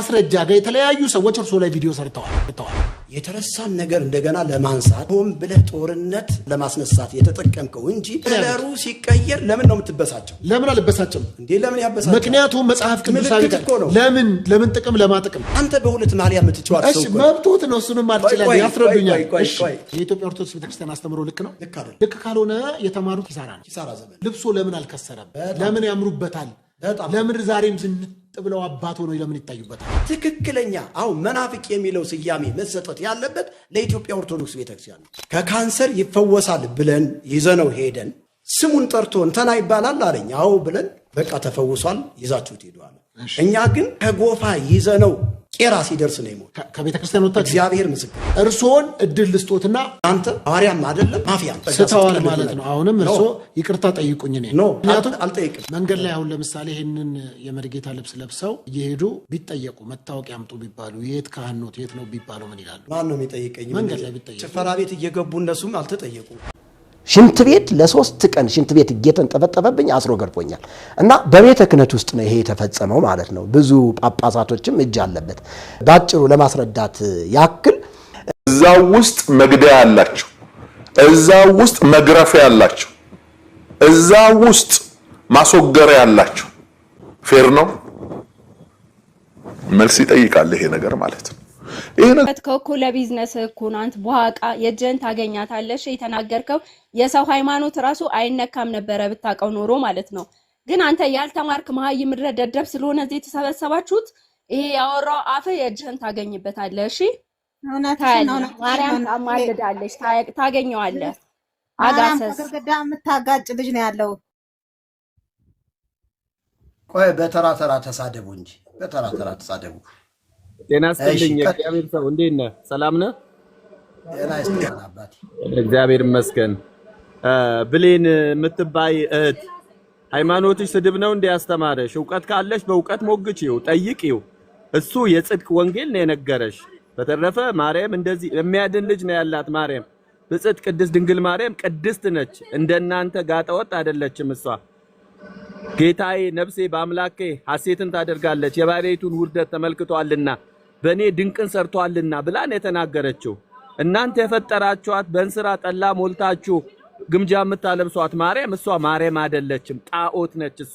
ማስረጃ ጋር የተለያዩ ሰዎች እርሶ ላይ ቪዲዮ ሰርተዋል። የተረሳን ነገር እንደገና ለማንሳት ሆን ብለህ ጦርነት ለማስነሳት የተጠቀምከው እንጂ ከለሩ ሲቀየር ለምን ነው የምትበሳቸው? ለምን አልበሳጭም እንዴ? ለምን ያበሳጭ? ምክንያቱም መጽሐፍ ቅዱሳዊ ለምን ለምን ጥቅም ለማጥቅም አንተ በሁለት ማሊያ የምትጫወት ሰው እሺ፣ መብቶት ነው። እሱንም አልችላል፣ ያስረዱኛል። የኢትዮጵያ ኦርቶዶክስ ቤተክርስቲያን አስተምሮ ልክ ነው ልክ ካልሆነ የተማሩት ኪሳራ ነው። ኪሳራ ዘመን ልብሶ ለምን አልከሰረም? ለምን ያምሩበታል ለምን ዛሬም ዝንጥ ብለው አባት ሆነው ለምን ይታዩበታል? ትክክለኛ አሁ መናፍቅ የሚለው ስያሜ መሰጠት ያለበት ለኢትዮጵያ ኦርቶዶክስ ቤተክርስቲያን ነው። ከካንሰር ይፈወሳል ብለን ይዘነው ሄደን ስሙን ጠርቶ እንተና ይባላል አለኝ። አዎ ብለን በቃ ተፈውሷል ይዛችሁት ሄደዋል። እኛ ግን ከጎፋ ይዘነው ቄራ ሲደርስ ነው የሞት ከቤተ ክርስቲያን ወጣ። እግዚአብሔር ምስክር እርስዎን እድል ልስጦትና አንተ ሐዋርያም አይደለም ማፊያ ስተዋል ማለት ነው። አሁንም እርስዎ ይቅርታ ጠይቁኝ። እኔ ምክንያቱም አልጠይቅም። መንገድ ላይ አሁን ለምሳሌ ይህንን የመሪጌታ ልብስ ለብሰው እየሄዱ ቢጠየቁ መታወቂያ አምጡ ቢባሉ የት ካህኖት የት ነው ቢባሉ ምን ይላሉ? ማን ነው የሚጠይቀኝ? መንገድ ላይ ቢጠየቁ ጭፈራ ቤት እየገቡ እነሱም አልተጠየቁ ሽንት ቤት ለሶስት ቀን ሽንት ቤት እየተንጠፈጠፈብኝ አስሮ ገርፎኛል። እና በቤተ ክህነት ውስጥ ነው ይሄ የተፈጸመው ማለት ነው። ብዙ ጳጳሳቶችም እጅ አለበት። በአጭሩ ለማስረዳት ያክል እዛው ውስጥ መግደያ አላቸው እዛው ውስጥ መግረፊያ ያላቸው፣ እዛው ውስጥ ማስወገሪያ ያላቸው ፌር ነው። መልስ ይጠይቃል ይሄ ነገር ማለት ነው። ይሄ ነገር እኮ ለቢዝነስ እኮ ነው። አንተ በኋቃ የእጅህን ታገኛታለሽ። የተናገርከው የሰው ሃይማኖት ራሱ አይነካም ነበረ ብታውቀው ኖሮ ማለት ነው። ግን አንተ ያልተማርክ መሀይ ምድረ ደደብ ስለሆነ እዚህ የተሰበሰባችሁት ይሄ ያወራው አፈ የእጅህን ታገኝበታለህ። እሺ ማርያም ታማልዳለች፣ ታገኘዋለህ። አጋሰስ የምታጋጭ ልጅ ነው ያለው። ቆይ በተራ ተራ ተሳደቡ እንጂ በተራ ተራ ተሳደቡ። ጤና ይስጥልኝ። እግዚአብሔር ሰው እንዴት ነህ? ሰላም ነህ? ጤና ይስጥልኝ አባቴ። እግዚአብሔር ይመስገን። ብሌን የምትባይ እህት ሃይማኖትሽ ስድብ ነው እንደ ያስተማረሽ? እውቀት ካለሽ በእውቀት ሞግቺው፣ ጠይቂው። እሱ የጽድቅ ወንጌል ነው የነገረሽ። በተረፈ ማርያም እንደዚህ የሚያድን ልጅ ነው ያላት። ማርያም ብጽዕት ቅድስት ድንግል ማርያም ቅድስት ነች። እንደናንተ ጋጠወጥ አይደለችም እሷ። ጌታዬ ነፍሴ በአምላኬ ሐሴትን ታደርጋለች የባሪያይቱን ውርደት ተመልክቷልና በእኔ ድንቅን ሰርቷልና ብላን የተናገረችው እናንተ የፈጠራችኋት በእንስራ ጠላ ሞልታችሁ ግምጃ የምታለብሷት ማርያም እሷ ማርያም አይደለችም፣ ጣዖት ነች እሷ።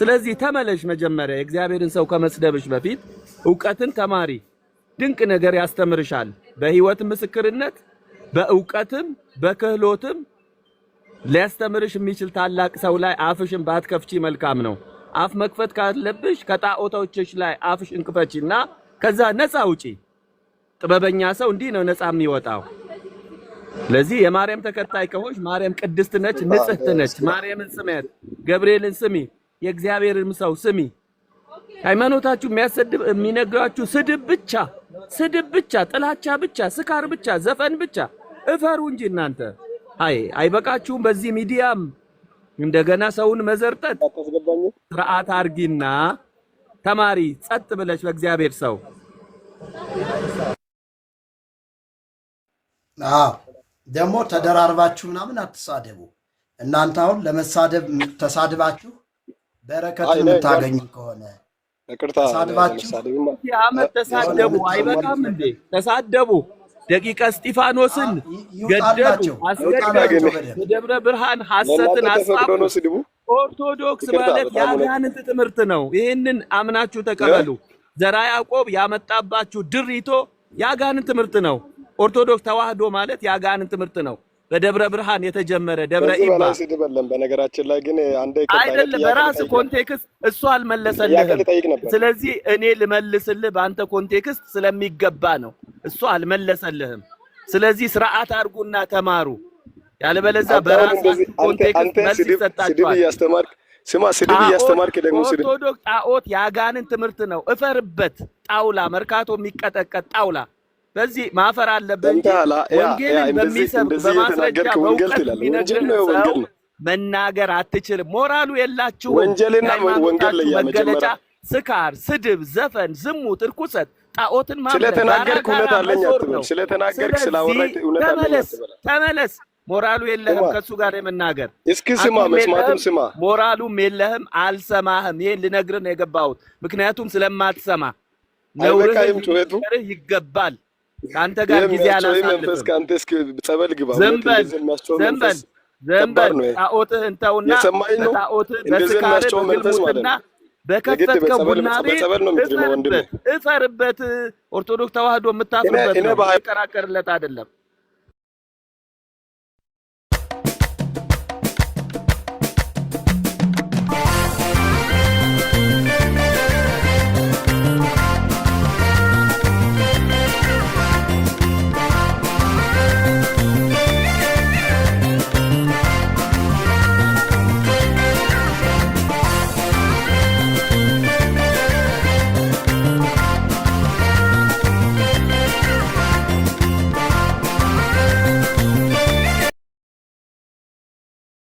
ስለዚህ ተመለሽ፣ መጀመሪያ የእግዚአብሔርን ሰው ከመስደብሽ በፊት እውቀትን ተማሪ። ድንቅ ነገር ያስተምርሻል፣ በህይወት ምስክርነት፣ በእውቀትም በክህሎትም ሊያስተምርሽ የሚችል ታላቅ ሰው ላይ አፍሽን ባትከፍቺ መልካም ነው። አፍ መክፈት ካለብሽ ከጣዖቶችሽ ላይ አፍሽን ክፈቺና ከዛ ነፃ ውጪ። ጥበበኛ ሰው እንዲህ ነው ነፃ የሚወጣው። ለዚህ የማርያም ተከታይ ከሆንሽ ማርያም ቅድስት ነች፣ ንጽህት ነች። ማርያምን ስሚያት፣ ገብርኤልን ስሚ፣ የእግዚአብሔርን ሰው ስሚ። ሃይማኖታችሁ የሚያሰድብ የሚነግራችሁ ስድብ ብቻ ስድብ ብቻ፣ ጥላቻ ብቻ፣ ስካር ብቻ፣ ዘፈን ብቻ። እፈሩ እንጂ እናንተ። አይ አይበቃችሁም? በዚህ ሚዲያም እንደገና ሰውን መዘርጠት ስርዓት አርጊና ተማሪ ጸጥ ብለሽ በእግዚአብሔር ሰው ደግሞ ተደራርባችሁ ምናምን አትሳደቡ። እናንተ አሁን ለመሳደብ ተሳድባችሁ በረከት የምታገኙ ከሆነ ዓመት ተሳደቡ፣ አይበቃም እንዴ? ተሳደቡ። ደቂቀ እስጢፋኖስን ገደሉ፣ አስገደሉ። በደብረ ብርሃን ሐሰትን አስጣቡ። ኦርቶዶክስ ማለት የአጋንንት ትምህርት ነው። ይህንን አምናችሁ ተቀበሉ። ዘራ ያዕቆብ ያመጣባችሁ ድሪቶ የአጋንንት ትምህርት ነው። ኦርቶዶክስ ተዋህዶ ማለት የአጋንንት ትምህርት ነው። በደብረ ብርሃን የተጀመረ ደብረ ኢባ በነገራችን ላይ ግን አንዴ አይደለ በራስ ኮንቴክስት እሱ አልመለሰልህም። ስለዚህ እኔ ልመልስልህ በአንተ ኮንቴክስት ስለሚገባ ነው። እሱ አልመለሰልህም። ስለዚህ ስርዓት አድርጉና ተማሩ። ያለበለዚያ በራስ ኮንቴክስት መልስ ይሰጣቸዋል። ስማ ስድብ እያስተማርክ ደግሞ ስድብ ኦርቶዶክስ ጣዖት ያጋንን ትምህርት ነው። እፈርበት ጣውላ መርካቶ የሚቀጠቀጥ ጣውላ በዚህ ማፈር አለበት። ወንጌልን በሚሰብ በማስረጃ በእውቀት የሚነግር ሰው መናገር አትችልም። ሞራሉ የላችሁ ወንጀልና መገለጫ ስካር፣ ስድብ፣ ዘፈን፣ ዝሙት፣ እርኩሰት ጣዖትን ማምለክ ስለተናገርክ እውነት አለኝ አትበል። ስለተናገርክ ስላወራ እውነት አለኝ አትበል። ተመለስ ሞራሉ የለህም ከሱ ጋር የመናገር እስኪ ስማ፣ መስማትም ስማ፣ ሞራሉም የለህም አልሰማህም። ይሄን ልነግርህ ነው የገባሁት፣ ምክንያቱም ስለማትሰማ ነውርህ ይገባል። ከአንተ ጋር ጊዜ አላሳልፍም። ዘንበል በል ዝም በል ዝም ጣዖትህን ተውና በጣዖትህ በስካርህ በግልሙትና በከፈትከው ቡና ቤት እፈርበት፣ ኦርቶዶክስ ተዋህዶ የምታፍርበት ነው፣ ይቀራቀርለት አይደለም